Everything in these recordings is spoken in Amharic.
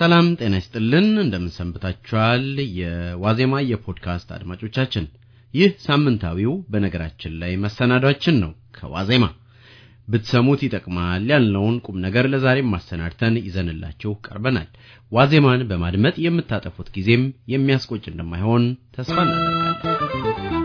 ሰላም ጤና ይስጥልን። እንደምንሰንብታችኋል? የዋዜማ የፖድካስት አድማጮቻችን፣ ይህ ሳምንታዊው በነገራችን ላይ መሰናዷችን ነው። ከዋዜማ ብትሰሙት ይጠቅማል ያልነውን ቁም ነገር ለዛሬም ማሰናድተን ይዘንላችሁ ቀርበናል። ዋዜማን በማድመጥ የምታጠፉት ጊዜም የሚያስቆጭ እንደማይሆን ተስፋ እናደርጋለን።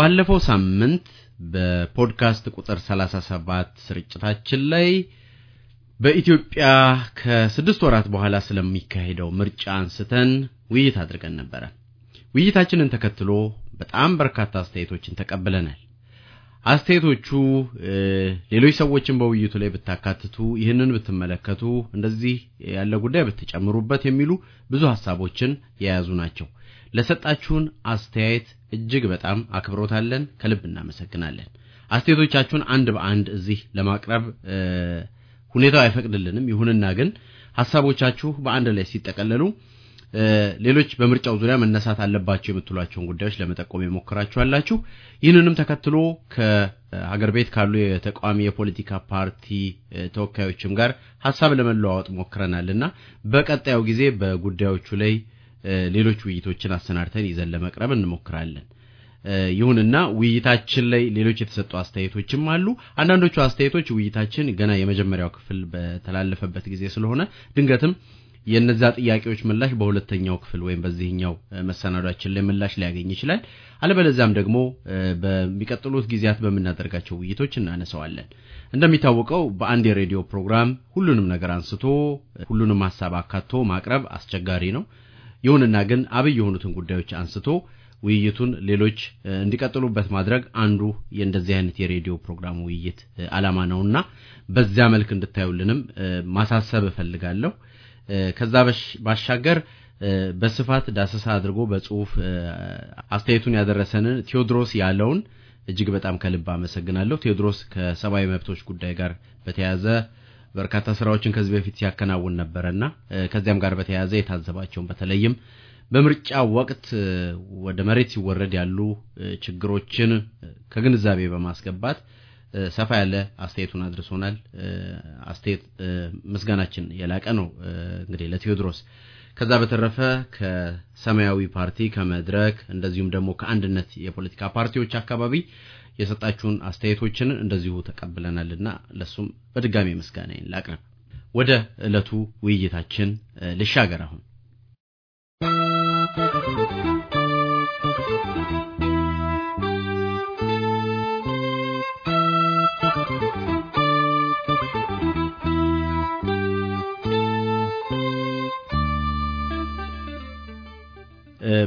ባለፈው ሳምንት በፖድካስት ቁጥር 37 ስርጭታችን ላይ በኢትዮጵያ ከስድስት ወራት በኋላ ስለሚካሄደው ምርጫ አንስተን ውይይት አድርገን ነበረ። ውይይታችንን ተከትሎ በጣም በርካታ አስተያየቶችን ተቀብለናል። አስተያየቶቹ ሌሎች ሰዎችን በውይይቱ ላይ ብታካትቱ፣ ይህንን ብትመለከቱ፣ እንደዚህ ያለ ጉዳይ ብትጨምሩበት የሚሉ ብዙ ሀሳቦችን የያዙ ናቸው። ለሰጣችሁን አስተያየት እጅግ በጣም አክብሮታለን፣ ከልብ እናመሰግናለን። አስተያየቶቻችሁን አንድ በአንድ እዚህ ለማቅረብ ሁኔታው አይፈቅድልንም። ይሁንና ግን ሀሳቦቻችሁ በአንድ ላይ ሲጠቀለሉ ሌሎች በምርጫው ዙሪያ መነሳት አለባቸው የምትሏቸውን ጉዳዮች ለመጠቆም የሞክራችኋላችሁ። ይህንንም ተከትሎ ከሀገር ቤት ካሉ የተቃዋሚ የፖለቲካ ፓርቲ ተወካዮችም ጋር ሀሳብ ለመለዋወጥ ሞክረናልና በቀጣዩ ጊዜ በጉዳዮቹ ላይ ሌሎች ውይይቶችን አሰናድተን ይዘን ለመቅረብ እንሞክራለን። ይሁንና ውይይታችን ላይ ሌሎች የተሰጡ አስተያየቶችም አሉ። አንዳንዶቹ አስተያየቶች ውይይታችን ገና የመጀመሪያው ክፍል በተላለፈበት ጊዜ ስለሆነ ድንገትም የነዛ ጥያቄዎች ምላሽ በሁለተኛው ክፍል ወይም በዚህኛው መሰናዷችን ላይ ምላሽ ሊያገኝ ይችላል። አለበለዚያም ደግሞ በሚቀጥሉት ጊዜያት በምናደርጋቸው ውይይቶች እናነሰዋለን። እንደሚታወቀው በአንድ የሬዲዮ ፕሮግራም ሁሉንም ነገር አንስቶ ሁሉንም ሀሳብ አካቶ ማቅረብ አስቸጋሪ ነው። ይሁንና ግን አብይ የሆኑትን ጉዳዮች አንስቶ ውይይቱን ሌሎች እንዲቀጥሉበት ማድረግ አንዱ የእንደዚህ አይነት የሬዲዮ ፕሮግራም ውይይት አላማ ነውና በዚያ መልክ እንድታዩልንም ማሳሰብ እፈልጋለሁ። ከዛ ባሻገር በስፋት ዳሰሳ አድርጎ በጽሁፍ አስተያየቱን ያደረሰንን ቴዎድሮስ ያለውን እጅግ በጣም ከልብ አመሰግናለሁ። ቴዎድሮስ ከሰብአዊ መብቶች ጉዳይ ጋር በተያያዘ በርካታ ስራዎችን ከዚህ በፊት ሲያከናውን ነበረና ከዚያም ጋር በተያያዘ የታዘባቸውን በተለይም በምርጫ ወቅት ወደ መሬት ሲወረድ ያሉ ችግሮችን ከግንዛቤ በማስገባት ሰፋ ያለ አስተያየቱን አድርሶናል። አስተያየት ምስጋናችን የላቀ ነው። እንግዲህ ለቴዎድሮስ ከዛ በተረፈ ከሰማያዊ ፓርቲ ከመድረክ እንደዚሁም ደግሞ ከአንድነት የፖለቲካ ፓርቲዎች አካባቢ የሰጣችሁን አስተያየቶችን እንደዚሁ ተቀብለናልና ለሱም በድጋሚ ምስጋናዬን ላቅርብ። ወደ ዕለቱ ውይይታችን ልሻገር። አሁን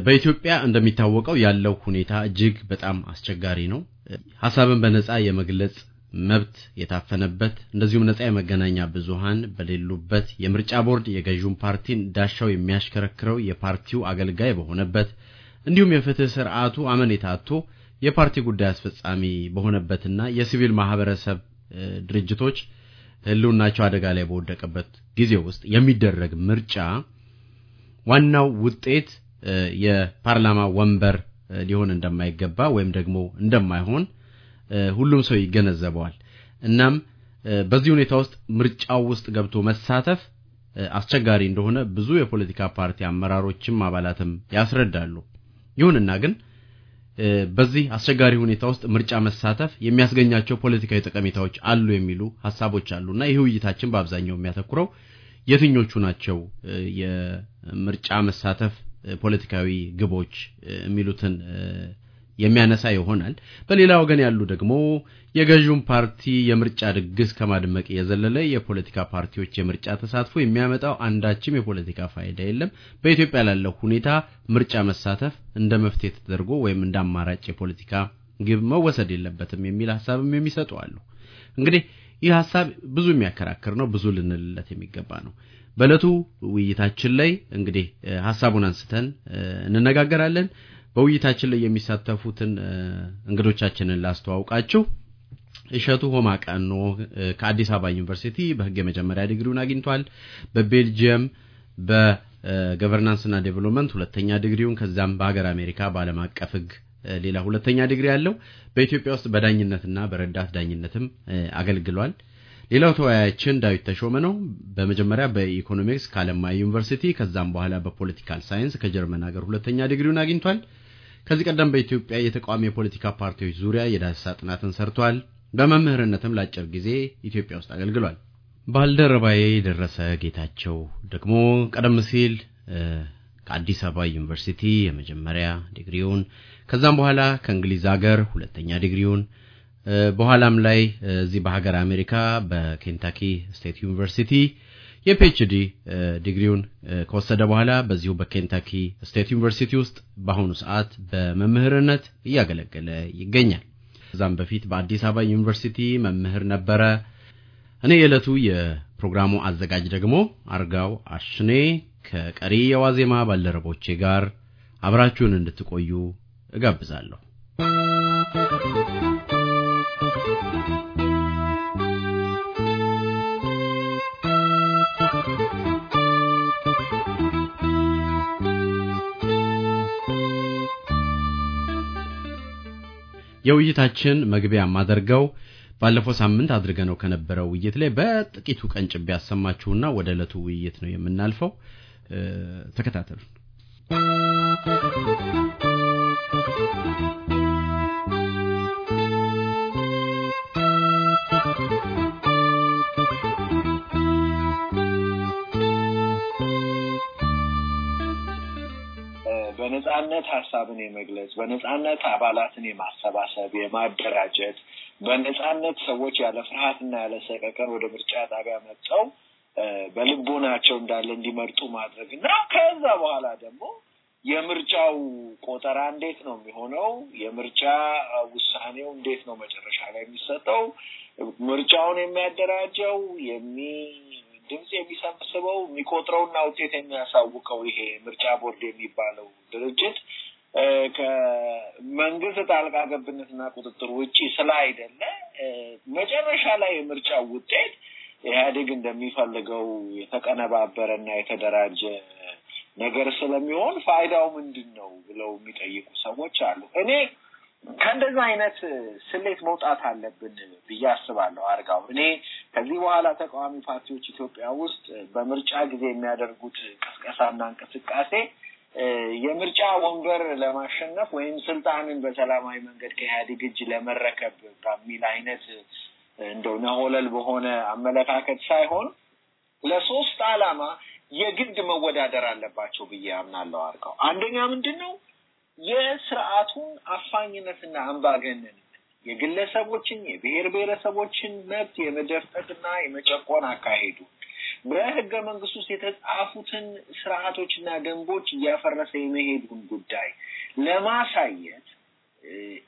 በኢትዮጵያ እንደሚታወቀው ያለው ሁኔታ እጅግ በጣም አስቸጋሪ ነው። ሀሳብን በነጻ የመግለጽ መብት የታፈነበት እንደዚሁም ነጻ የመገናኛ ብዙሃን በሌሉበት የምርጫ ቦርድ የገዢውን ፓርቲን ዳሻው የሚያሽከረክረው የፓርቲው አገልጋይ በሆነበት እንዲሁም የፍትህ ስርዓቱ አመኔታ የታቶ የፓርቲ ጉዳይ አስፈጻሚ በሆነበትና የሲቪል ማህበረሰብ ድርጅቶች ህልውናቸው አደጋ ላይ በወደቀበት ጊዜ ውስጥ የሚደረግ ምርጫ ዋናው ውጤት የፓርላማ ወንበር ሊሆን እንደማይገባ ወይም ደግሞ እንደማይሆን ሁሉም ሰው ይገነዘበዋል። እናም በዚህ ሁኔታ ውስጥ ምርጫው ውስጥ ገብቶ መሳተፍ አስቸጋሪ እንደሆነ ብዙ የፖለቲካ ፓርቲ አመራሮችም አባላትም ያስረዳሉ። ይሁንና ግን በዚህ አስቸጋሪ ሁኔታ ውስጥ ምርጫ መሳተፍ የሚያስገኛቸው ፖለቲካዊ ጠቀሜታዎች አሉ የሚሉ ሀሳቦች አሉና ይህ ውይይታችን በአብዛኛው የሚያተኩረው የትኞቹ ናቸው የምርጫ መሳተፍ ፖለቲካዊ ግቦች የሚሉትን የሚያነሳ ይሆናል። በሌላ ወገን ያሉ ደግሞ የገዥውን ፓርቲ የምርጫ ድግስ ከማድመቅ የዘለለ የፖለቲካ ፓርቲዎች የምርጫ ተሳትፎ የሚያመጣው አንዳችም የፖለቲካ ፋይዳ የለም፣ በኢትዮጵያ ላለው ሁኔታ ምርጫ መሳተፍ እንደ መፍትሄ ተደርጎ ወይም እንደ አማራጭ የፖለቲካ ግብ መወሰድ የለበትም የሚል ሀሳብም የሚሰጡ አሉ። እንግዲህ ይህ ሀሳብ ብዙ የሚያከራክር ነው፣ ብዙ ልንልለት የሚገባ ነው። በእለቱ ውይይታችን ላይ እንግዲህ ሀሳቡን አንስተን እንነጋገራለን። በውይይታችን ላይ የሚሳተፉትን እንግዶቻችንን ላስተዋውቃችሁ። እሸቱ ሆማ ቀኖ ከአዲስ አበባ ዩኒቨርሲቲ በህግ የመጀመሪያ ዲግሪውን አግኝቷል። በቤልጅየም በገቨርናንስ ና ዴቨሎፕመንት ሁለተኛ ዲግሪውን ከዛም በሀገር አሜሪካ በአለም አቀፍ ህግ ሌላ ሁለተኛ ዲግሪ ያለው በኢትዮጵያ ውስጥ በዳኝነትና በረዳት ዳኝነትም አገልግሏል። ሌላው ተወያያችን ዳዊት ተሾመ ነው። በመጀመሪያ በኢኮኖሚክስ ከአለማያ ዩኒቨርሲቲ ከዛም በኋላ በፖለቲካል ሳይንስ ከጀርመን ሀገር ሁለተኛ ዲግሪውን አግኝቷል። ከዚህ ቀደም በኢትዮጵያ የተቃዋሚ የፖለቲካ ፓርቲዎች ዙሪያ የዳሰሳ ጥናትን ሰርቷል። በመምህርነትም ለአጭር ጊዜ ኢትዮጵያ ውስጥ አገልግሏል። ባልደረባዬ ደረሰ ጌታቸው ደግሞ ቀደም ሲል ከአዲስ አበባ ዩኒቨርሲቲ የመጀመሪያ ዲግሪውን ከዛም በኋላ ከእንግሊዝ ሀገር ሁለተኛ ዲግሪውን በኋላም ላይ እዚህ በሀገር አሜሪካ በኬንታኪ ስቴት ዩኒቨርሲቲ የፒኤችዲ ዲግሪውን ከወሰደ በኋላ በዚሁ በኬንታኪ ስቴት ዩኒቨርሲቲ ውስጥ በአሁኑ ሰዓት በመምህርነት እያገለገለ ይገኛል። ከዛም በፊት በአዲስ አበባ ዩኒቨርሲቲ መምህር ነበረ። እኔ የዕለቱ የፕሮግራሙ አዘጋጅ ደግሞ አርጋው አሽኔ ከቀሪ የዋዜማ ባልደረቦቼ ጋር አብራችሁን እንድትቆዩ እጋብዛለሁ። የውይይታችን መግቢያ ማደርገው ባለፈው ሳምንት አድርገነው ከነበረው ውይይት ላይ በጥቂቱ ቀንጭቤ ያሰማችሁና ወደ ዕለቱ ውይይት ነው የምናልፈው። ተከታተሉን። በነጻነት ሀሳብን የመግለጽ፣ በነጻነት አባላትን የማሰባሰብ፣ የማደራጀት፣ በነጻነት ሰዎች ያለ ፍርሃትና ያለ ሰቀቀን ወደ ምርጫ ጣቢያ መጥተው በልቦናቸው እንዳለ እንዲመርጡ ማድረግ እና ከዛ በኋላ ደግሞ የምርጫው ቆጠራ እንዴት ነው የሚሆነው? የምርጫ ውሳኔው እንዴት ነው መጨረሻ ላይ የሚሰጠው? ምርጫውን የሚያደራጀው የሚ ድምፅ የሚሰበስበው የሚቆጥረውና ውጤት የሚያሳውቀው ይሄ ምርጫ ቦርድ የሚባለው ድርጅት ከመንግስት ጣልቃ ገብነትና ቁጥጥር ውጭ ስለ አይደለ መጨረሻ ላይ የምርጫው ውጤት ኢህአዴግ እንደሚፈልገው የተቀነባበረ እና የተደራጀ ነገር ስለሚሆን ፋይዳው ምንድን ነው ብለው የሚጠይቁ ሰዎች አሉ። እኔ ከእንደዚህ አይነት ስሌት መውጣት አለብን ብዬ አስባለሁ። አርጋው እኔ ከዚህ በኋላ ተቃዋሚ ፓርቲዎች ኢትዮጵያ ውስጥ በምርጫ ጊዜ የሚያደርጉት ቅስቀሳና እንቅስቃሴ የምርጫ ወንበር ለማሸነፍ ወይም ስልጣንን በሰላማዊ መንገድ ከኢህአዴግ እጅ ለመረከብ በሚል አይነት እንደው ነሆለል በሆነ አመለካከት ሳይሆን ለሶስት አላማ የግድ መወዳደር አለባቸው ብዬ አምናለሁ። አርቀው አንደኛ ምንድን ነው የስርዓቱን አፋኝነትና አምባገነን የግለሰቦችን የብሔር ብሔረሰቦችን መብት የመደፈቅና የመጨቆን አካሄዱ በህገ መንግስት ውስጥ የተጻፉትን ስርዓቶችና ደንቦች እያፈረሰ የመሄዱን ጉዳይ ለማሳየት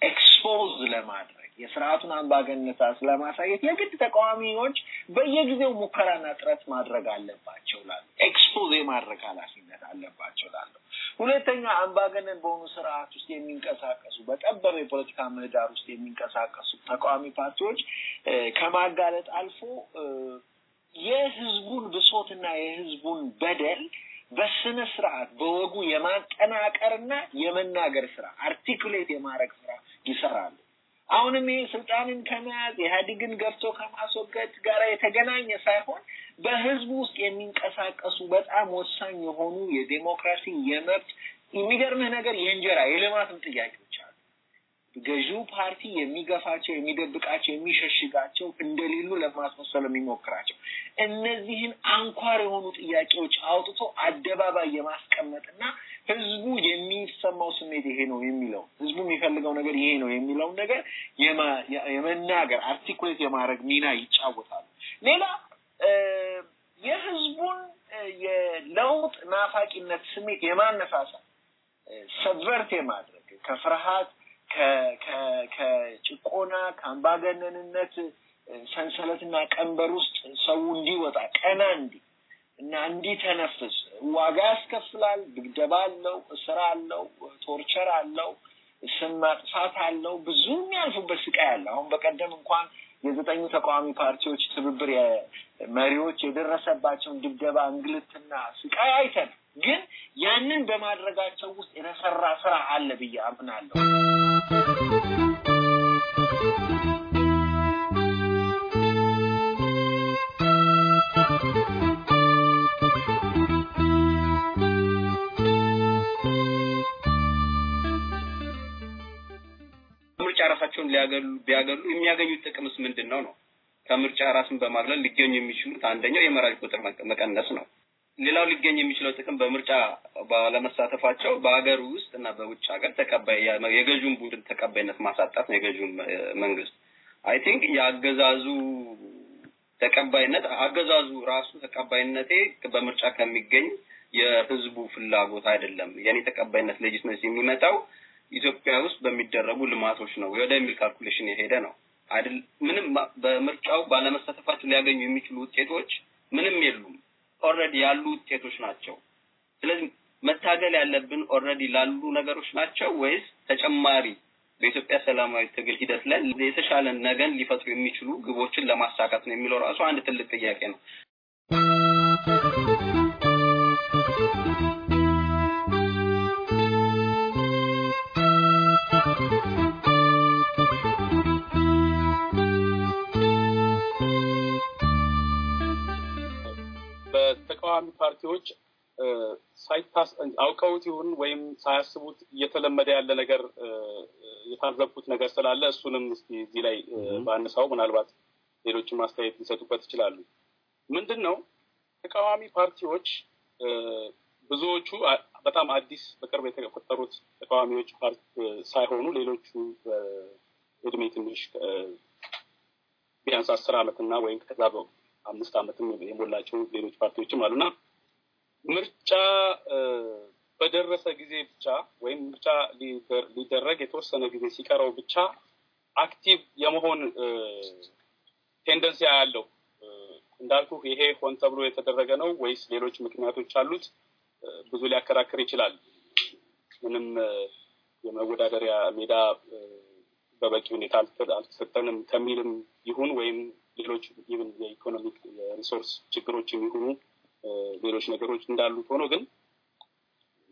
ኤክስፖዝ ለማድረግ የስርዓቱን አምባገነንነት ስለማሳየት የግድ ተቃዋሚዎች በየጊዜው ሙከራና ጥረት ማድረግ አለባቸው ላሉ ኤክስፖዜ ማድረግ ኃላፊነት አለባቸው ላሉ ሁለተኛ አምባገነን በሆኑ ስርዓት ውስጥ የሚንቀሳቀሱ በጠበበ የፖለቲካ ምህዳር ውስጥ የሚንቀሳቀሱ ተቃዋሚ ፓርቲዎች ከማጋለጥ አልፎ የህዝቡን ብሶትና የህዝቡን በደል በስነ ስርዓት በወጉ የማጠናቀርና የመናገር ስራ አርቲኩሌት የማድረግ ስራ ይሰራሉ። አሁንም ይህ ስልጣንን ከመያዝ ኢህአዴግን ገፍቶ ከማስወገድ ጋር የተገናኘ ሳይሆን በህዝቡ ውስጥ የሚንቀሳቀሱ በጣም ወሳኝ የሆኑ የዴሞክራሲ የመብት የሚገርምህ ነገር የእንጀራ የልማትም ጥያቄዎች አሉ። ገዢው ፓርቲ የሚገፋቸው፣ የሚደብቃቸው፣ የሚሸሽጋቸው እንደሌሉ ለማስመሰል የሚሞክራቸው እነዚህን አንኳር የሆኑ ጥያቄዎች አውጥቶ አደባባይ የማስቀመጥና ህዝቡ የሚሰማው ስሜት ይሄ ነው የሚለው ህዝቡ የሚፈልገው ነገር ይሄ ነው የሚለውን ነገር የመናገር አርቲኩሌት የማድረግ ሚና ይጫወታሉ። ሌላ የህዝቡን የለውጥ ናፋቂነት ስሜት የማነሳሳት ሰቨርት የማድረግ ከፍርሃት ከጭቆና ከአምባገነንነት ሰንሰለትና ቀንበር ውስጥ ሰው እንዲወጣ ቀና እንዲ እና እንዲተነፍስ ዋጋ ያስከፍላል። ድብደባ አለው፣ እስር አለው፣ ቶርቸር አለው፣ ስም ማጥፋት አለው። ብዙ የሚያልፉበት ስቃይ አለ። አሁን በቀደም እንኳን የዘጠኙ ተቃዋሚ ፓርቲዎች ትብብር መሪዎች የደረሰባቸውን ድብደባ፣ እንግልትና ስቃይ አይተን ግን ያንን በማድረጋቸው ውስጥ የተሰራ ስራ አለ ብዬ አምናለሁ። ሊያገሉ ቢያገሉ የሚያገኙት ጥቅምስ ምንድነው ነው ከምርጫ ራስን በማግለል ሊገኙ የሚችሉት አንደኛው የመራጭ ቁጥር መቀነስ ነው። ሌላው ሊገኝ የሚችለው ጥቅም በምርጫ ባለመሳተፋቸው በሀገር ውስጥ እና በውጭ ሀገር ተቀባይ የገዥውን ቡድን ተቀባይነት ማሳጣት ነው። የገዥውን መንግስት አይ ቲንክ የአገዛዙ ተቀባይነት አገዛዙ ራሱ ተቀባይነቴ በምርጫ ከሚገኝ የህዝቡ ፍላጎት አይደለም፣ የኔ ተቀባይነት ሌጂትመሲ የሚመጣው ኢትዮጵያ ውስጥ በሚደረጉ ልማቶች ነው ሚል ካልኩሌሽን የሄደ ነው አይደል? ምንም በምርጫው ባለመሳተፋቸው ሊያገኙ የሚችሉ ውጤቶች ምንም የሉም። ኦረዲ ያሉ ውጤቶች ናቸው። ስለዚህ መታገል ያለብን ኦረዲ ላሉ ነገሮች ናቸው ወይስ ተጨማሪ በኢትዮጵያ ሰላማዊ ትግል ሂደት ላይ የተሻለ ነገን ሊፈጥሩ የሚችሉ ግቦችን ለማሳካት ነው የሚለው ራሱ አንድ ትልቅ ጥያቄ ነው። ተቃዋሚ ፓርቲዎች ሳይታስ አውቀውት ይሁን ወይም ሳያስቡት እየተለመደ ያለ ነገር የታዘብኩት ነገር ስላለ እሱንም እስኪ እዚህ ላይ በአነሳው ምናልባት ሌሎችም አስተያየት ሊሰጡበት ይችላሉ። ምንድን ነው ተቃዋሚ ፓርቲዎች ብዙዎቹ በጣም አዲስ በቅርብ የተፈጠሩት ተቃዋሚዎች ሳይሆኑ ሌሎቹ በእድሜ ትንሽ ቢያንስ አስር ዓመትና ወይም ከዛ አምስት ዓመትም የሞላቸው ሌሎች ፓርቲዎችም አሉና ምርጫ በደረሰ ጊዜ ብቻ ወይም ምርጫ ሊደረግ የተወሰነ ጊዜ ሲቀረው ብቻ አክቲቭ የመሆን ቴንደንሲ ያለው እንዳልኩ ይሄ ሆን ተብሎ የተደረገ ነው ወይስ ሌሎች ምክንያቶች አሉት? ብዙ ሊያከራክር ይችላል። ምንም የመወዳደሪያ ሜዳ በበቂ ሁኔታ አልተሰጠንም ከሚልም ይሁን ወይም ሌሎች ኢቨን የኢኮኖሚክ የሪሶርስ ችግሮች የሚሆኑ ሌሎች ነገሮች እንዳሉት ሆኖ ግን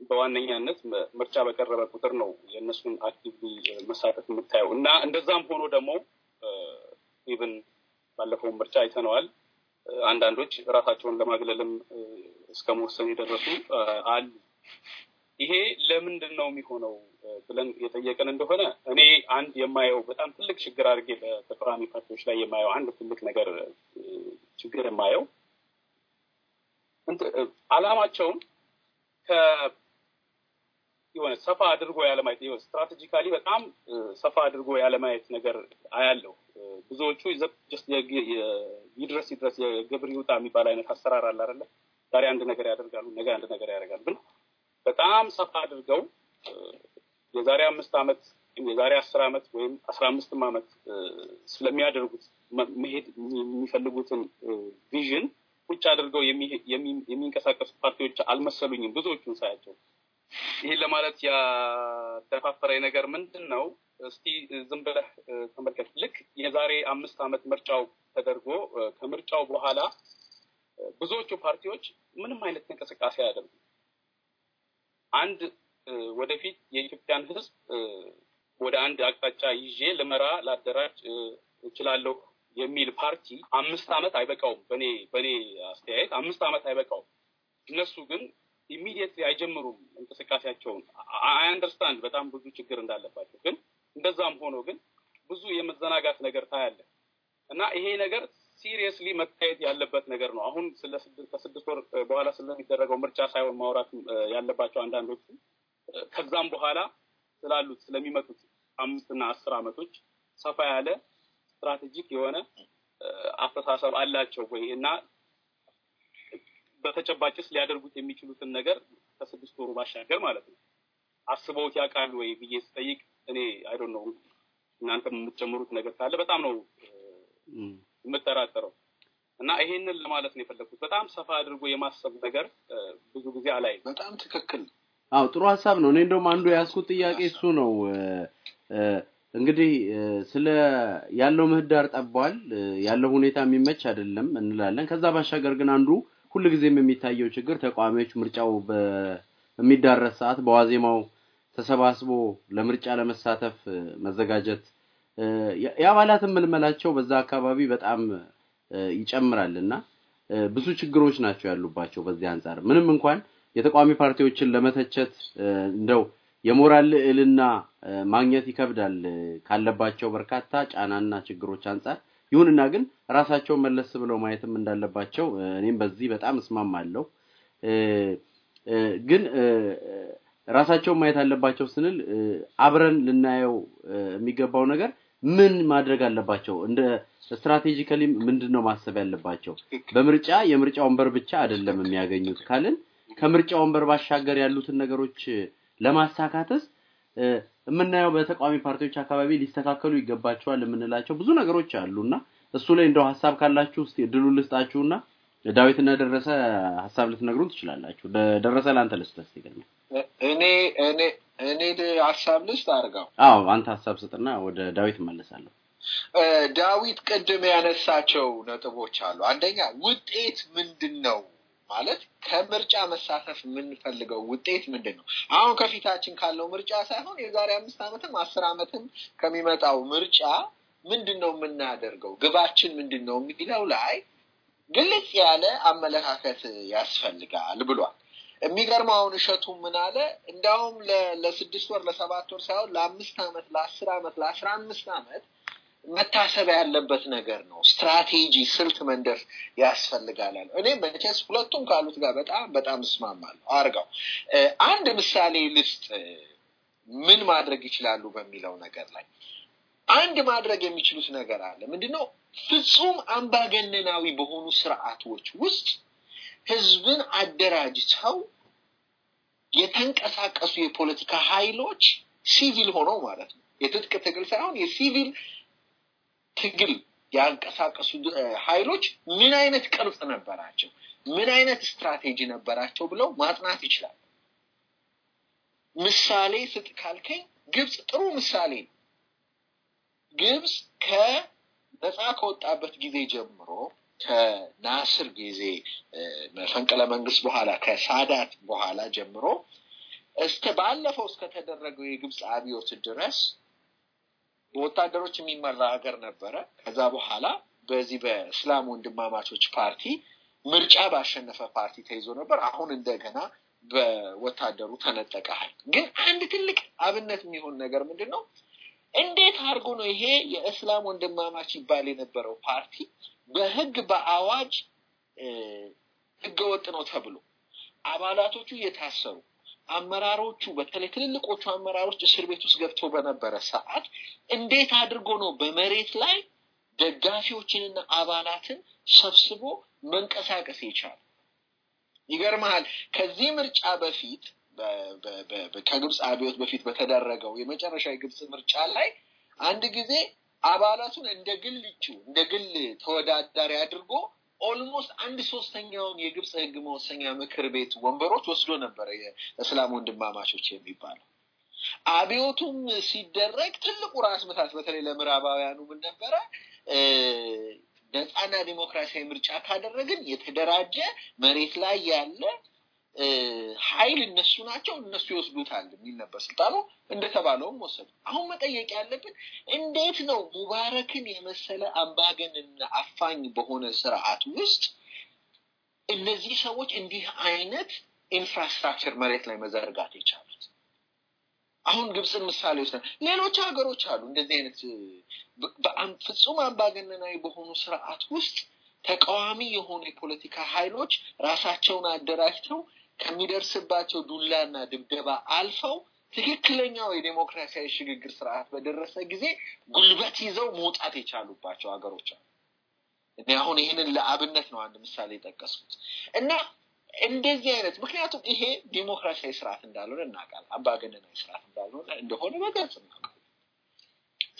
በዋነኛነት ምርጫ በቀረበ ቁጥር ነው የእነሱን አክቲቭሊ መሳተፍ የምታየው እና እንደዛም ሆኖ ደግሞ ኢቨን ባለፈውን ምርጫ አይተነዋል። አንዳንዶች እራሳቸውን ለማግለልም እስከ መወሰን የደረሱ አሉ። ይሄ ለምንድን ነው የሚሆነው? ብለን የጠየቀን እንደሆነ እኔ አንድ የማየው በጣም ትልቅ ችግር አድርጌ በተቃዋሚ ፓርቲዎች ላይ የማየው አንድ ትልቅ ነገር ችግር የማየው አላማቸውን የሆነ ሰፋ አድርጎ ያለማየት ስትራቴጂካሊ በጣም ሰፋ አድርጎ ያለማየት ነገር አያለው። ብዙዎቹ ይድረስ ይድረስ የግብር ይውጣ የሚባል አይነት አሰራር አለ አይደለ? ዛሬ አንድ ነገር ያደርጋሉ፣ ነገ አንድ ነገር ያደርጋሉ። ግን በጣም ሰፋ አድርገው የዛሬ አምስት ዓመት የዛሬ አስር ዓመት ወይም አስራ አምስትም ዓመት ስለሚያደርጉት መሄድ የሚፈልጉትን ቪዥን ቁጭ አድርገው የሚንቀሳቀሱ ፓርቲዎች አልመሰሉኝም ብዙዎቹን ሳያቸው። ይህን ለማለት ያደፋፈረኝ ነገር ምንድን ነው? እስቲ ዝም ብለህ ተመልከት። ልክ የዛሬ አምስት ዓመት ምርጫው ተደርጎ ከምርጫው በኋላ ብዙዎቹ ፓርቲዎች ምንም አይነት እንቅስቃሴ አያደርጉ አንድ ወደፊት የኢትዮጵያን ህዝብ ወደ አንድ አቅጣጫ ይዤ ልመራ ላደራጅ እችላለሁ የሚል ፓርቲ አምስት ዓመት አይበቃውም። በኔ በኔ አስተያየት አምስት ዓመት አይበቃውም። እነሱ ግን ኢሚዲየትሊ አይጀምሩም እንቅስቃሴያቸውን። አይ አንደርስታንድ በጣም ብዙ ችግር እንዳለባቸው፣ ግን እንደዛም ሆኖ ግን ብዙ የመዘናጋት ነገር ታያለ እና ይሄ ነገር ሲሪየስሊ መታየት ያለበት ነገር ነው። አሁን ከስድስት ወር በኋላ ስለሚደረገው ምርጫ ሳይሆን ማውራት ያለባቸው አንዳንዶቹ ከዛም በኋላ ስላሉት ስለሚመጡት አምስትና አስር አመቶች ሰፋ ያለ ስትራቴጂክ የሆነ አስተሳሰብ አላቸው ወይ እና በተጨባጭስ ሊያደርጉት የሚችሉትን ነገር ከስድስት ወሩ ባሻገር ማለት ነው አስበውት ያውቃሉ ወይ ብዬ ስጠይቅ እኔ አይዶ ነው እናንተ የምትጨምሩት ነገር ካለ በጣም ነው የምጠራጠረው እና ይሄንን ለማለት ነው የፈለግኩት። በጣም ሰፋ አድርጎ የማሰብ ነገር ብዙ ጊዜ አላይ። በጣም ትክክል አው ጥሩ ሀሳብ ነው። እኔ እንደውም አንዱ ያስኩት ጥያቄ እሱ ነው። እንግዲህ ስለ ያለው ምህዳር ጠቧል፣ ያለው ሁኔታ የሚመች አይደለም እንላለን። ከዛ ባሻገር ግን አንዱ ጊዜም የሚታየው ችግር ተቃዋሚዎች ምርጫው በሚዳረስ ሰዓት በዋዜማው ተሰባስቦ ለምርጫ ለመሳተፍ መዘጋጀት የአባላት ምልመላቸው በዛ አካባቢ በጣም ይጨምራል እና ብዙ ችግሮች ናቸው ያሉባቸው። በዚህ አንጻር ምንም እንኳን የተቃዋሚ ፓርቲዎችን ለመተቸት እንደው የሞራል ልዕልና ማግኘት ይከብዳል ካለባቸው በርካታ ጫናና ችግሮች አንጻር። ይሁንና ግን ራሳቸውን መለስ ብለው ማየትም እንዳለባቸው እኔም በዚህ በጣም እስማማለሁ። ግን ራሳቸውን ማየት አለባቸው ስንል አብረን ልናየው የሚገባው ነገር ምን ማድረግ አለባቸው፣ እንደ ስትራቴጂካሊ ምንድን ነው ማሰብ ያለባቸው? በምርጫ የምርጫ ወንበር ብቻ አይደለም የሚያገኙት ካልን ከምርጫ ወንበር ባሻገር ያሉትን ነገሮች ለማሳካትስ የምናየው በተቃዋሚ ፓርቲዎች አካባቢ ሊስተካከሉ ይገባቸዋል የምንላቸው ብዙ ነገሮች አሉና እሱ ላይ እንደው ሀሳብ ካላችሁ እስቲ እድሉን ልስጣችሁና ዳዊት እና ደረሰ ሀሳብ ልትነግሩን ትችላላችሁ። ደረሰ ለአንተ ልስጥህ ስ እኔ እኔ እኔ ሀሳብ ልስጥ አርገው አዎ አንተ ሀሳብ ስጥና ወደ ዳዊት እመለሳለሁ። ዳዊት ቅድም ያነሳቸው ነጥቦች አሉ። አንደኛ ውጤት ምንድን ነው ማለት ከምርጫ መሳተፍ የምንፈልገው ውጤት ምንድን ነው? አሁን ከፊታችን ካለው ምርጫ ሳይሆን የዛሬ አምስት ዓመትም አስር ዓመትም ከሚመጣው ምርጫ ምንድን ነው የምናደርገው፣ ግባችን ምንድን ነው የሚለው ላይ ግልጽ ያለ አመለካከት ያስፈልጋል ብሏል። የሚገርመው አሁን እሸቱ ምን አለ? እንዲያውም ለስድስት ወር ለሰባት ወር ሳይሆን ለአምስት ዓመት ለአስር ዓመት ለአስራ አምስት ዓመት መታሰብ ያለበት ነገር ነው። ስትራቴጂ ስልት መንደር ያስፈልጋላል። እኔ መቼስ ሁለቱም ካሉት ጋር በጣም በጣም እስማማለሁ። አርጋው አንድ ምሳሌ ልስጥ፣ ምን ማድረግ ይችላሉ በሚለው ነገር ላይ አንድ ማድረግ የሚችሉት ነገር አለ። ምንድነው? ፍጹም አምባገነናዊ በሆኑ ስርዓቶች ውስጥ ህዝብን አደራጅተው የተንቀሳቀሱ የፖለቲካ ኃይሎች ሲቪል ሆነው ማለት ነው የትጥቅ ትግል ሳይሆን የሲቪል ትግል ያንቀሳቀሱ ኃይሎች ምን አይነት ቅርጽ ነበራቸው፣ ምን አይነት ስትራቴጂ ነበራቸው ብለው ማጥናት ይችላል። ምሳሌ ስጥ ካልከኝ ግብፅ ጥሩ ምሳሌ ነው። ግብፅ ከነፃ ከወጣበት ጊዜ ጀምሮ ከናስር ጊዜ መፈንቅለ መንግስት በኋላ ከሳዳት በኋላ ጀምሮ እስከ ባለፈው እስከተደረገው የግብፅ አብዮት ድረስ በወታደሮች የሚመራ ሀገር ነበረ። ከዛ በኋላ በዚህ በእስላም ወንድማማቾች ፓርቲ ምርጫ ባሸነፈ ፓርቲ ተይዞ ነበር። አሁን እንደገና በወታደሩ ተነጠቀ ተነጠቀሃል። ግን አንድ ትልቅ አብነት የሚሆን ነገር ምንድን ነው? እንዴት አድርጎ ነው ይሄ የእስላም ወንድማማች ይባል የነበረው ፓርቲ በህግ በአዋጅ ህገወጥ ነው ተብሎ አባላቶቹ እየታሰሩ አመራሮቹ በተለይ ትልልቆቹ አመራሮች እስር ቤት ውስጥ ገብተው በነበረ ሰዓት እንዴት አድርጎ ነው በመሬት ላይ ደጋፊዎችንና አባላትን ሰብስቦ መንቀሳቀስ የቻለ? ይገርመሃል። ከዚህ ምርጫ በፊት ከግብፅ አብዮት በፊት በተደረገው የመጨረሻ የግብፅ ምርጫ ላይ አንድ ጊዜ አባላቱን እንደ ግል እጩ እንደ ግል ተወዳዳሪ አድርጎ ኦልሞስት አንድ ሶስተኛውን የግብፅ ህግ መወሰኛ ምክር ቤት ወንበሮች ወስዶ ነበረ የእስላም ወንድማማቾች የሚባለው። አብዮቱም ሲደረግ ትልቁ ራስ ምታት በተለይ ለምዕራባውያኑ ምን ነበረ? ነፃና ዲሞክራሲያዊ ምርጫ ካደረግን የተደራጀ መሬት ላይ ያለ ኃይል እነሱ ናቸው እነሱ ይወስዱታል የሚል ነበር ስልጣኑ። እንደተባለውም ወሰዱ። አሁን መጠየቅ ያለብን እንዴት ነው ሙባረክን የመሰለ አምባገንና አፋኝ በሆነ ስርዓት ውስጥ እነዚህ ሰዎች እንዲህ አይነት ኢንፍራስትራክቸር መሬት ላይ መዘርጋት የቻሉት? አሁን ግብፅን ምሳሌ ወስደን ሌሎች ሀገሮች አሉ እንደዚህ አይነት ፍጹም አምባገነናዊ በሆኑ ስርዓት ውስጥ ተቃዋሚ የሆኑ የፖለቲካ ኃይሎች ራሳቸውን አደራጅተው ከሚደርስባቸው ዱላና ድብደባ አልፈው ትክክለኛው የዴሞክራሲያዊ ሽግግር ስርዓት በደረሰ ጊዜ ጉልበት ይዘው መውጣት የቻሉባቸው ሀገሮች አሉ። እኔ አሁን ይህንን ለአብነት ነው አንድ ምሳሌ የጠቀስኩት እና እንደዚህ አይነት ምክንያቱም ይሄ ዴሞክራሲያዊ ስርዓት እንዳልሆነ እናውቃለን፣ አባገነናዊ ስርዓት እንዳልሆነ እንደሆነ በገልጽ እናውቃለን።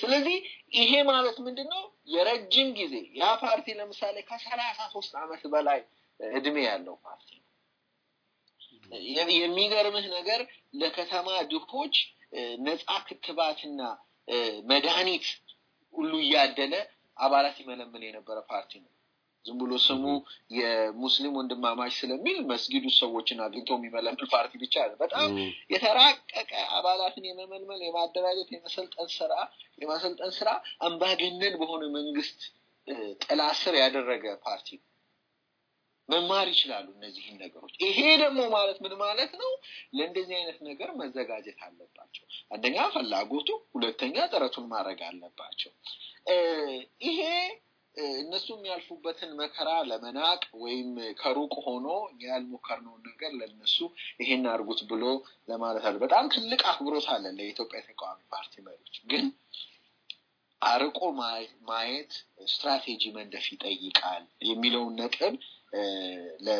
ስለዚህ ይሄ ማለት ምንድን ነው? የረጅም ጊዜ ያ ፓርቲ ለምሳሌ ከሰላሳ ሶስት ዓመት በላይ እድሜ ያለው ፓርቲ የሚገርምህ ነገር ለከተማ ድሆች ነፃ ክትባትና መድኃኒት ሁሉ እያደለ አባላት ይመለመል የነበረ ፓርቲ ነው። ዝም ብሎ ስሙ የሙስሊም ወንድማማች ስለሚል መስጊዱ ሰዎችን አግኝቶ የሚመለምል ፓርቲ ብቻ ነው። በጣም የተራቀቀ አባላትን የመመልመል የማደራጀት፣ የመሰልጠን ስራ የማሰልጠን ስራ አምባገነን በሆነ መንግስት ጥላ ስር ያደረገ ፓርቲ ነው። መማር ይችላሉ እነዚህን ነገሮች። ይሄ ደግሞ ማለት ምን ማለት ነው? ለእንደዚህ አይነት ነገር መዘጋጀት አለባቸው። አንደኛ ፍላጎቱ፣ ሁለተኛ ጥረቱን ማድረግ አለባቸው። ይሄ እነሱ የሚያልፉበትን መከራ ለመናቅ ወይም ከሩቅ ሆኖ ያልሞከርነውን ነገር ለነሱ ይሄን አድርጉት ብሎ ለማለት አለ። በጣም ትልቅ አክብሮት አለ ለኢትዮጵያ የተቃዋሚ ፓርቲ መሪዎች ግን አርቆ ማየት ስትራቴጂ መንደፍ ይጠይቃል የሚለውን ነጥብ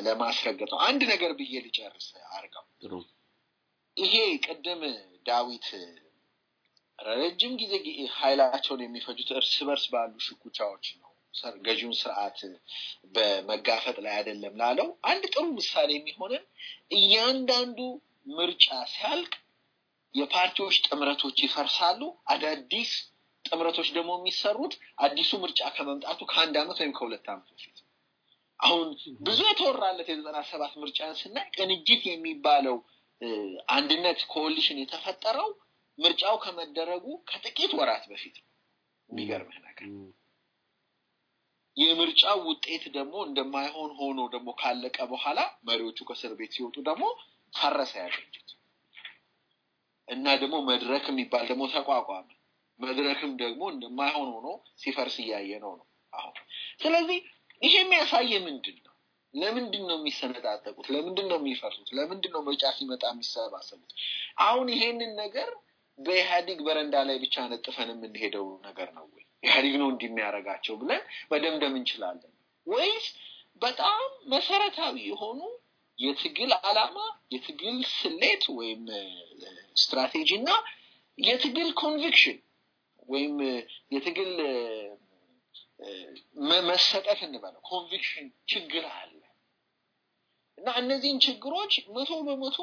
ለማስረገጥ ነው። አንድ ነገር ብዬ ልጨርስ አርጋው። ይሄ ቅድም ዳዊት ረጅም ጊዜ ኃይላቸውን የሚፈጁት እርስ በርስ ባሉ ሽኩቻዎች ነው፣ ገዢውን ስርዓት በመጋፈጥ ላይ አይደለም ላለው አንድ ጥሩ ምሳሌ የሚሆንን እያንዳንዱ ምርጫ ሲያልቅ የፓርቲዎች ጥምረቶች ይፈርሳሉ። አዳዲስ ጥምረቶች ደግሞ የሚሰሩት አዲሱ ምርጫ ከመምጣቱ ከአንድ ዓመት ወይም ከሁለት ዓመት በፊት አሁን ብዙ የተወራለት የዘጠና ሰባት ምርጫን ስናይ ቅንጅት የሚባለው አንድነት ኮሊሽን የተፈጠረው ምርጫው ከመደረጉ ከጥቂት ወራት በፊት ነው። የሚገርምህ ነገር የምርጫው ውጤት ደግሞ እንደማይሆን ሆኖ ደግሞ ካለቀ በኋላ መሪዎቹ ከእስር ቤት ሲወጡ ደግሞ ፈረሰ ያ እና ደግሞ መድረክ የሚባል ደግሞ ተቋቋመ። መድረክም ደግሞ እንደማይሆን ሆኖ ሲፈርስ እያየ ነው ነው አሁን ስለዚህ ይሄ የሚያሳየ ምንድን ነው? ለምንድን ነው የሚሰነጣጠቁት? ለምንድን ነው የሚፈርሱት? ለምንድን ነው ምርጫ ሲመጣ የሚሰባሰቡት? አሁን ይሄንን ነገር በኢህአዲግ በረንዳ ላይ ብቻ ነጥፈን የምንሄደው ነገር ነው ወይ? ኢህአዲግ ነው እንዲህ የሚያደርጋቸው ብለን መደምደም እንችላለን ወይስ በጣም መሰረታዊ የሆኑ የትግል ዓላማ የትግል ስሌት ወይም ስትራቴጂ እና የትግል ኮንቪክሽን ወይም የትግል መሰጠት እንበለው ኮንቪክሽን ችግር አለ እና እነዚህን ችግሮች መቶ በመቶ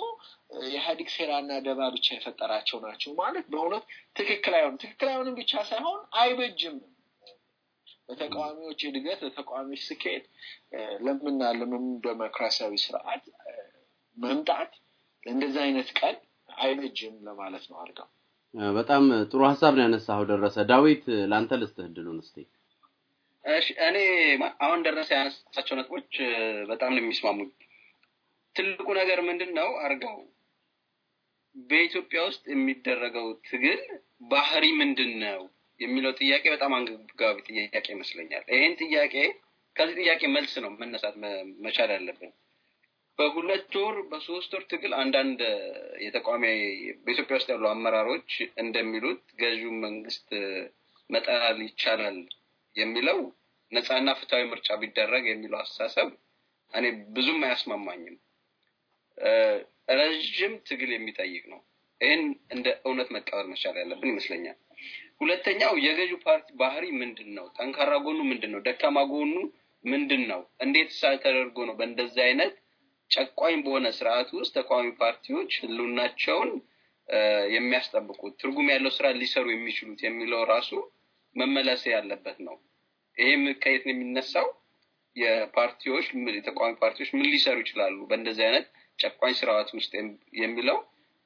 የኢህአዴግ ሴራና ደባ ብቻ የፈጠራቸው ናቸው ማለት በእውነት ትክክል አይሆን ትክክል አይሆንም ብቻ ሳይሆን አይበጅም። በተቃዋሚዎች እድገት፣ በተቃዋሚዎች ስኬት፣ ለምና ለምን ዴሞክራሲያዊ ስርዓት መምጣት እንደዚ አይነት ቀን አይበጅም ለማለት ነው። አርጋው በጣም ጥሩ ሀሳብ ነው ያነሳኸው ደረሰ። ዳዊት ለአንተ ልስጥህ እድሉን እስኪ እኔ አሁን ደረሰ ያነሳቸው ነጥቦች በጣም ነው የሚስማሙኝ። ትልቁ ነገር ምንድን ነው አርጋው በኢትዮጵያ ውስጥ የሚደረገው ትግል ባህሪ ምንድን ነው የሚለው ጥያቄ በጣም አንገብጋቢ ጥያቄ ይመስለኛል። ይህን ጥያቄ ከዚህ ጥያቄ መልስ ነው መነሳት መቻል ያለብን። በሁለት ወር በሶስት ወር ትግል አንዳንድ የተቃዋሚ በኢትዮጵያ ውስጥ ያሉ አመራሮች እንደሚሉት ገዢው መንግስት መጠላል ይቻላል የሚለው ነፃና ፍትሐዊ ምርጫ ቢደረግ የሚለው አስተሳሰብ እኔ ብዙም አያስማማኝም። ረዥም ትግል የሚጠይቅ ነው። ይህን እንደ እውነት መቀበል መቻል ያለብን ይመስለኛል። ሁለተኛው የገዢ ፓርቲ ባህሪ ምንድን ነው? ጠንካራ ጎኑ ምንድን ነው? ደካማ ጎኑ ምንድን ነው? እንዴት ሳ ተደርጎ ነው በእንደዚህ አይነት ጨቋኝ በሆነ ስርዓት ውስጥ ተቃዋሚ ፓርቲዎች ህልውናቸውን የሚያስጠብቁት ትርጉም ያለው ስራ ሊሰሩ የሚችሉት የሚለው ራሱ መመለስ ያለበት ነው። ይህም ከየት ነው የሚነሳው? የፓርቲዎች የተቃዋሚ ፓርቲዎች ምን ሊሰሩ ይችላሉ በእንደዚህ አይነት ጨቋኝ ስርዓት ውስጥ የሚለው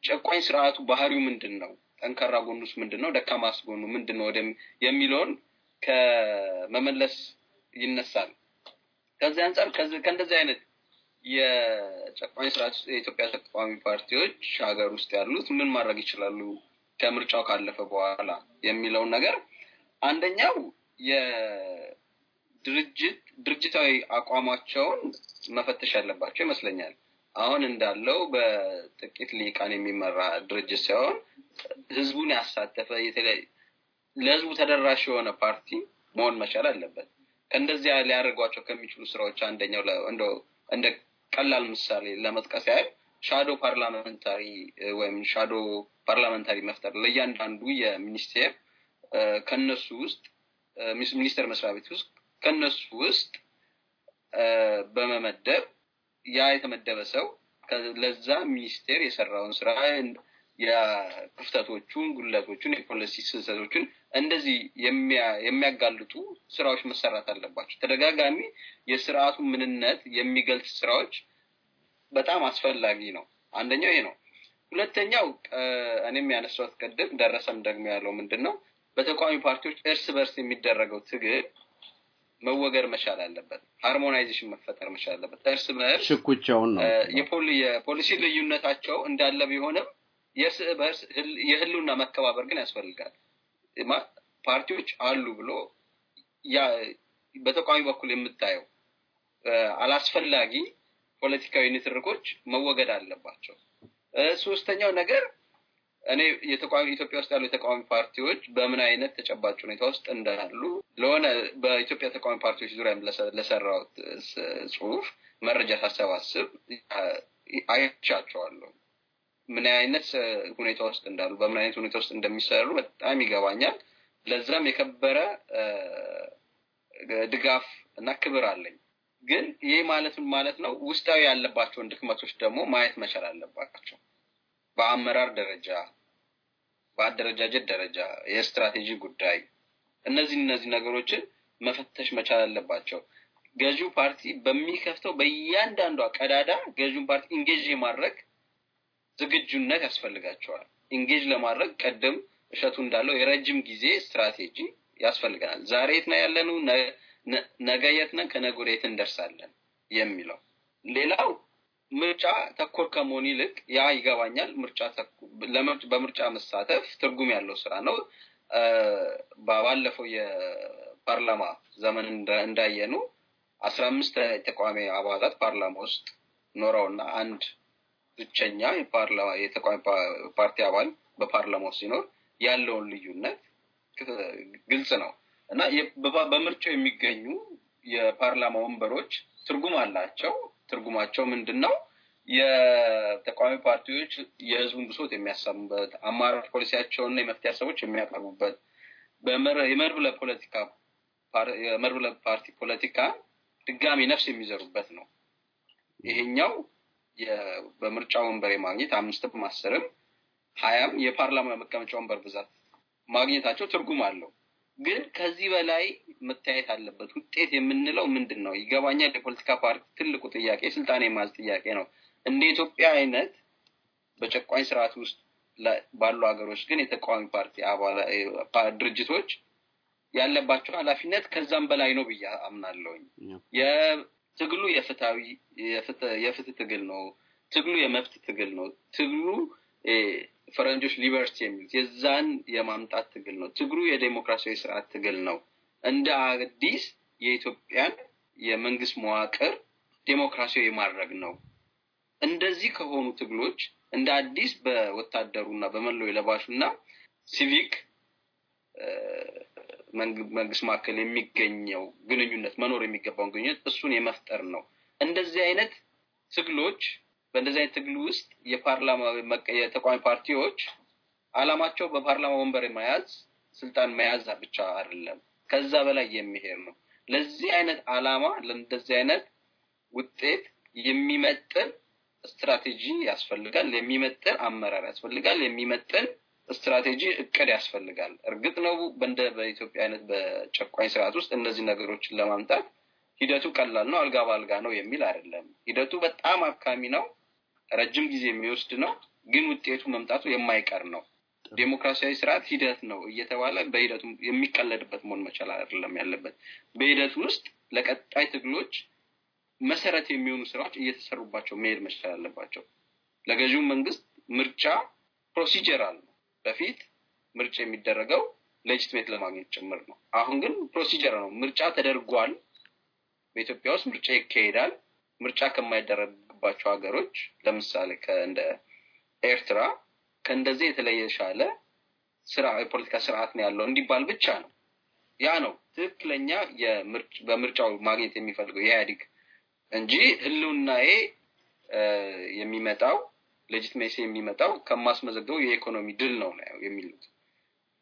ጨቋኝ ስርዓቱ ባህሪው ምንድን ነው፣ ጠንካራ ጎኑስ ምንድን ነው፣ ደካማስ ጎኑ ምንድን ነው የሚለውን ከመመለስ ይነሳል። ከዚህ አንጻር ከእንደዚህ አይነት የጨቋኝ ስርዓት ውስጥ የኢትዮጵያ ተቃዋሚ ፓርቲዎች ሀገር ውስጥ ያሉት ምን ማድረግ ይችላሉ ከምርጫው ካለፈ በኋላ የሚለውን ነገር አንደኛው የድርጅት ድርጅታዊ አቋማቸውን መፈተሽ ያለባቸው ይመስለኛል። አሁን እንዳለው በጥቂት ሊቃን የሚመራ ድርጅት ሳይሆን ህዝቡን ያሳተፈ የተለያዩ ለህዝቡ ተደራሽ የሆነ ፓርቲ መሆን መቻል አለበት። ከእንደዚያ ሊያደርጓቸው ከሚችሉ ስራዎች አንደኛው እንደ ቀላል ምሳሌ ለመጥቀስ ያህል ሻዶ ፓርላመንታሪ ወይም ሻዶ ፓርላመንታሪ መፍጠር ለእያንዳንዱ የሚኒስቴር ከነሱ ውስጥ ሚኒስቴር መስሪያ ቤት ውስጥ ከነሱ ውስጥ በመመደብ ያ የተመደበ ሰው ለዛ ሚኒስቴር የሰራውን ስራ የክፍተቶቹን፣ ጉለቶቹን፣ የፖሊሲ ስህተቶችን እንደዚህ የሚያጋልጡ ስራዎች መሰራት አለባቸው። ተደጋጋሚ የስርአቱ ምንነት የሚገልጽ ስራዎች በጣም አስፈላጊ ነው። አንደኛው ይሄ ነው። ሁለተኛው እኔም ያነሳሁት ቅድም ደረሰም ደግሞ ያለው ምንድን ነው በተቃዋሚ ፓርቲዎች እርስ በርስ የሚደረገው ትግል መወገድ መቻል አለበት። ሃርሞናይዜሽን መፈጠር መቻል አለበት። እርስ በርስ ሽኩቻውን ነው የፖሊሲ ልዩነታቸው እንዳለ ቢሆንም የእርስ በርስ የህልውና መከባበር ግን ያስፈልጋል። ፓርቲዎች አሉ ብሎ በተቃዋሚ በኩል የምታየው አላስፈላጊ ፖለቲካዊ ንትርኮች መወገድ አለባቸው። ሶስተኛው ነገር እኔ የተቃዋሚ ኢትዮጵያ ውስጥ ያሉ የተቃዋሚ ፓርቲዎች በምን አይነት ተጨባጭ ሁኔታ ውስጥ እንዳሉ ለሆነ በኢትዮጵያ ተቃዋሚ ፓርቲዎች ዙሪያ ለሰራሁት ጽሁፍ መረጃ ሳሰባስብ አይቻቸዋለሁ። ምን አይነት ሁኔታ ውስጥ እንዳሉ፣ በምን አይነት ሁኔታ ውስጥ እንደሚሰሩ በጣም ይገባኛል። ለዛም የከበረ ድጋፍ እና ክብር አለኝ። ግን ይህ ማለት ማለት ነው ውስጣዊ ያለባቸውን ድክመቶች ደግሞ ማየት መቻል አለባቸው። በአመራር ደረጃ፣ በአደረጃጀት ደረጃ፣ የስትራቴጂ ጉዳይ እነዚህ እነዚህ ነገሮችን መፈተሽ መቻል አለባቸው። ገዢው ፓርቲ በሚከፍተው በእያንዳንዷ ቀዳዳ ገዢውን ፓርቲ ኢንጌጅ የማድረግ ዝግጁነት ያስፈልጋቸዋል። ኢንጌጅ ለማድረግ ቀደም እሸቱ እንዳለው የረጅም ጊዜ ስትራቴጂ ያስፈልገናል። ዛሬ የት ነው ያለነው፣ ነገ የት ነን፣ ከነገ ወዲያ የት እንደርሳለን የሚለው ሌላው ምርጫ ተኮር ከመሆን ይልቅ ያ ይገባኛል ምርጫ በምርጫ መሳተፍ ትርጉም ያለው ስራ ነው። ባለፈው የፓርላማ ዘመን እንዳየኑ አስራ አምስት የተቃዋሚ አባላት ፓርላማ ውስጥ ኖረውና አንድ ብቸኛ የተቃዋሚ ፓርቲ አባል በፓርላማ ውስጥ ሲኖር ያለውን ልዩነት ግልጽ ነው እና በምርጫው የሚገኙ የፓርላማ ወንበሮች ትርጉም አላቸው። ትርጉማቸው ምንድን ነው? የተቃዋሚ ፓርቲዎች የህዝቡን ብሶት የሚያሰሙበት አማራጭ ፖሊሲያቸውንና የመፍትሄ ሀሳቦች የሚያቀርቡበት የመድብለ ፖለቲካ የመድብለ ፓርቲ ፖለቲካ ድጋሚ ነፍስ የሚዘሩበት ነው። ይሄኛው በምርጫ ወንበር ማግኘት አምስትም አስርም ሀያም የፓርላማ መቀመጫ ወንበር ብዛት ማግኘታቸው ትርጉም አለው። ግን ከዚህ በላይ መታየት አለበት። ውጤት የምንለው ምንድን ነው? ይገባኛል። የፖለቲካ ፓርቲ ትልቁ ጥያቄ ስልጣን የማዝ ጥያቄ ነው። እንደ ኢትዮጵያ አይነት በጨቋኝ ስርዓት ውስጥ ባሉ ሀገሮች ግን የተቃዋሚ ፓርቲ ድርጅቶች ያለባቸው ኃላፊነት ከዛም በላይ ነው ብዬ አምናለሁኝ። ትግሉ የፍትሃዊ የፍትህ ትግል ነው። ትግሉ የመብት ትግል ነው። ትግሉ ፈረንጆች ሊበርቲ የሚሉት የዛን የማምጣት ትግል ነው። ትግሩ የዴሞክራሲያዊ ስርዓት ትግል ነው። እንደ አዲስ የኢትዮጵያን የመንግስት መዋቅር ዴሞክራሲያዊ ማድረግ ነው። እንደዚህ ከሆኑ ትግሎች እንደ አዲስ በወታደሩና በመላው የለባሹና ሲቪክ መንግስት መካከል የሚገኘው ግንኙነት መኖር የሚገባውን ግንኙነት እሱን የመፍጠር ነው። እንደዚህ አይነት ትግሎች በእንደዚህ አይነት ትግል ውስጥ የፓርላማ የተቃዋሚ ፓርቲዎች አላማቸው በፓርላማ ወንበር መያዝ ስልጣን መያዝ ብቻ አይደለም፣ ከዛ በላይ የሚሄድ ነው። ለዚህ አይነት አላማ ለእንደዚህ አይነት ውጤት የሚመጥን ስትራቴጂ ያስፈልጋል፣ የሚመጥን አመራር ያስፈልጋል፣ የሚመጥን ስትራቴጂ እቅድ ያስፈልጋል። እርግጥ ነው በእንደ በኢትዮጵያ አይነት በጨቋኝ ስርዓት ውስጥ እነዚህ ነገሮችን ለማምጣት ሂደቱ ቀላል ነው፣ አልጋ በአልጋ ነው የሚል አይደለም። ሂደቱ በጣም አካሚ ነው። ረጅም ጊዜ የሚወስድ ነው፣ ግን ውጤቱ መምጣቱ የማይቀር ነው። ዴሞክራሲያዊ ስርዓት ሂደት ነው እየተባለ በሂደቱ የሚቀለድበት መሆን መቻል አይደለም ያለበት። በሂደት ውስጥ ለቀጣይ ትግሎች መሰረት የሚሆኑ ስራዎች እየተሰሩባቸው መሄድ መቻል አለባቸው። ለገዢው መንግስት ምርጫ ፕሮሲጀራል ነው። በፊት ምርጫ የሚደረገው ሌጅትሜት ለማግኘት ጭምር ነው። አሁን ግን ፕሮሲጀር ነው። ምርጫ ተደርጓል። በኢትዮጵያ ውስጥ ምርጫ ይካሄዳል። ምርጫ ከማይደረግ ካሉባቸው ሀገሮች ለምሳሌ ከእንደ ኤርትራ ከእንደዚህ የተለየ ሻለ ስራ የፖለቲካ ስርዓት ነው ያለው እንዲባል ብቻ ነው። ያ ነው ትክክለኛ በምርጫው ማግኘት የሚፈልገው የኢህአዲግ እንጂ ህልውናዬ የሚመጣው ሌጂትሜሲ የሚመጣው ከማስመዘገበው የኢኮኖሚ ድል ነው የሚሉት።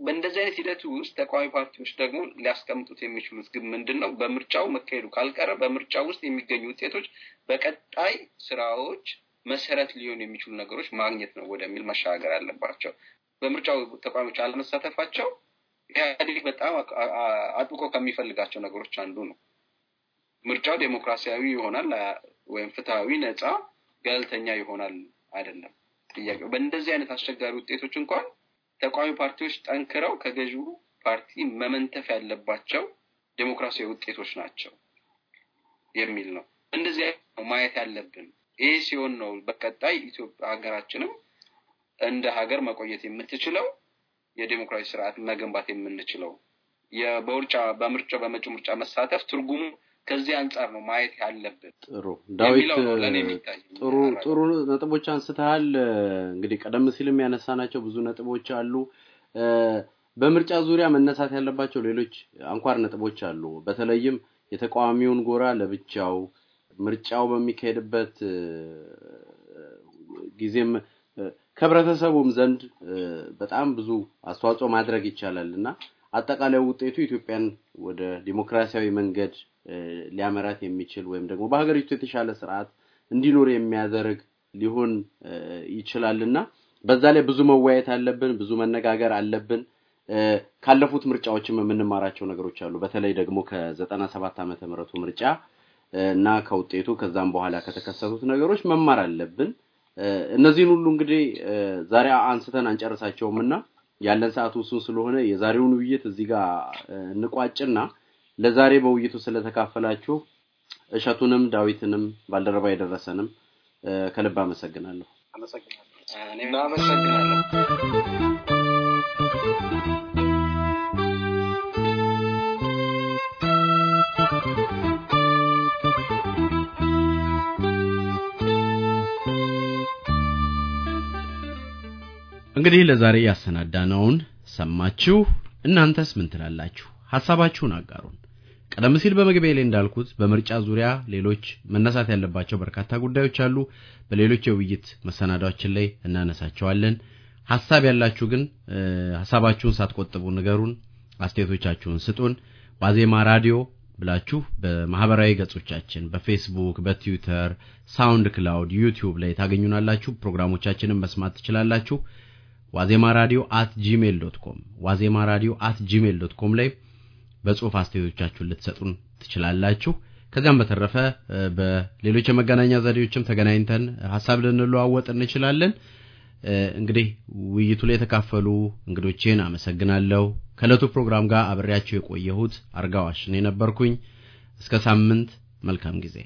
በእንደዚህ አይነት ሂደት ውስጥ ተቃዋሚ ፓርቲዎች ደግሞ ሊያስቀምጡት የሚችሉት ግን ምንድን ነው? በምርጫው መካሄዱ ካልቀረ በምርጫው ውስጥ የሚገኙ ውጤቶች በቀጣይ ስራዎች መሰረት ሊሆኑ የሚችሉ ነገሮች ማግኘት ነው ወደሚል መሻገር አለባቸው። በምርጫው ተቃዋሚዎች አለመሳተፋቸው ኢህአዴግ በጣም አጥብቆ ከሚፈልጋቸው ነገሮች አንዱ ነው። ምርጫው ዴሞክራሲያዊ ይሆናል ወይም ፍትሐዊ፣ ነፃ፣ ገለልተኛ ይሆናል አይደለም ጥያቄው። በእንደዚህ አይነት አስቸጋሪ ውጤቶች እንኳን ተቃዋሚ ፓርቲዎች ጠንክረው ከገዢው ፓርቲ መመንተፍ ያለባቸው ዴሞክራሲያዊ ውጤቶች ናቸው የሚል ነው። እንደዚህ ነው ማየት ያለብን። ይህ ሲሆን ነው በቀጣይ ኢትዮጵያ ሀገራችንም እንደ ሀገር መቆየት የምትችለው የዴሞክራሲ ስርዓት መገንባት የምንችለው። በውርጫ በምርጫ በመጪው ምርጫ መሳተፍ ትርጉሙ ከዚህ አንጻር ነው ማየት ያለብን። ጥሩ ዳዊት፣ ጥሩ ጥሩ ነጥቦች አንስተሃል። እንግዲህ ቀደም ሲልም ያነሳናቸው ብዙ ነጥቦች አሉ። በምርጫ ዙሪያ መነሳት ያለባቸው ሌሎች አንኳር ነጥቦች አሉ። በተለይም የተቃዋሚውን ጎራ ለብቻው ምርጫው በሚካሄድበት ጊዜም ከህብረተሰቡም ዘንድ በጣም ብዙ አስተዋጽኦ ማድረግ ይቻላል እና አጠቃላይ ውጤቱ ኢትዮጵያን ወደ ዲሞክራሲያዊ መንገድ ሊያመራት የሚችል ወይም ደግሞ በሀገሪቱ የተሻለ ስርዓት እንዲኖር የሚያደርግ ሊሆን ይችላልና በዛ ላይ ብዙ መወያየት አለብን፣ ብዙ መነጋገር አለብን። ካለፉት ምርጫዎችም የምንማራቸው ነገሮች አሉ። በተለይ ደግሞ ከዘጠና ሰባት ዓመተ ምህረቱ ምርጫ እና ከውጤቱ ከዛም በኋላ ከተከሰቱት ነገሮች መማር አለብን። እነዚህን ሁሉ እንግዲህ ዛሬ አንስተን አንጨርሳቸውም እና ያለን ሰዓት ውሱን ስለሆነ የዛሬውን ውይይት እዚህ ጋር እንቋጭና ለዛሬ በውይይቱ ስለተካፈላችሁ እሸቱንም ዳዊትንም ባልደረባ የደረሰንም ከልብ አመሰግናለሁ። አመሰግናለሁ። እንግዲህ ለዛሬ ያሰናዳነውን ሰማችሁ። እናንተስ ምን ትላላችሁ? ሐሳባችሁን አጋሩን። ቀደም ሲል በመግቢያ ላይ እንዳልኩት በምርጫ ዙሪያ ሌሎች መነሳት ያለባቸው በርካታ ጉዳዮች አሉ። በሌሎች የውይይት መሰናዳዎችን ላይ እናነሳቸዋለን። ሐሳብ ያላችሁ ግን ሐሳባችሁን ሳትቆጥቡ ንገሩን። አስተያየቶቻችሁን ስጡን። ዋዜማ ራዲዮ ብላችሁ በማህበራዊ ገጾቻችን በፌስቡክ፣ በትዊተር፣ ሳውንድ ክላውድ፣ ዩቲዩብ ላይ ታገኙናላችሁ። ፕሮግራሞቻችንን መስማት ትችላላችሁ። ዋዜማ ራዲዮ አት ጂሜል ዶት ኮም ዋዜማ ራዲዮ አት ጂሜል ዶት ኮም ላይ በጽሁፍ አስተያየቶቻችሁን ልትሰጡን ትችላላችሁ። ከዚያም በተረፈ በሌሎች የመገናኛ ዘዴዎችም ተገናኝተን ሀሳብ ልንለዋወጥ እንችላለን። እንግዲህ ውይይቱ ላይ የተካፈሉ እንግዶቼን አመሰግናለሁ። ከእለቱ ፕሮግራም ጋር አብሬያቸው የቆየሁት አርጋዋሽን የነበርኩኝ። እስከ ሳምንት መልካም ጊዜ።